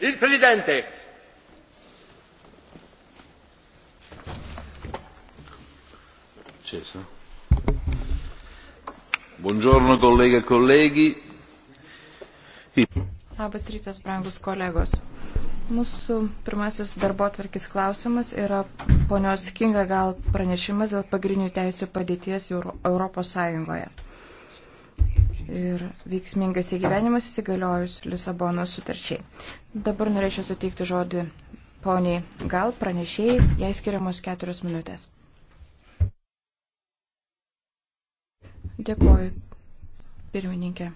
Il Presidente. Cesa. Buongiorno colleghe e colleghi. Labas rytas, brangus kolegos. Mūsų pirmasis darbo atvarkis klausimas yra ponios Kinga gal pranešimas dėl pagrindinių teisų padėties Europos Sąjungoje ir veiksmingas įgyvenimas įsigaliojus Lisabono sutarčiai. Dabar norėčiau suteikti žodį poniai Gal pranešėjai, jai skiriamos keturios minutės. Dėkuoju, pirmininkė.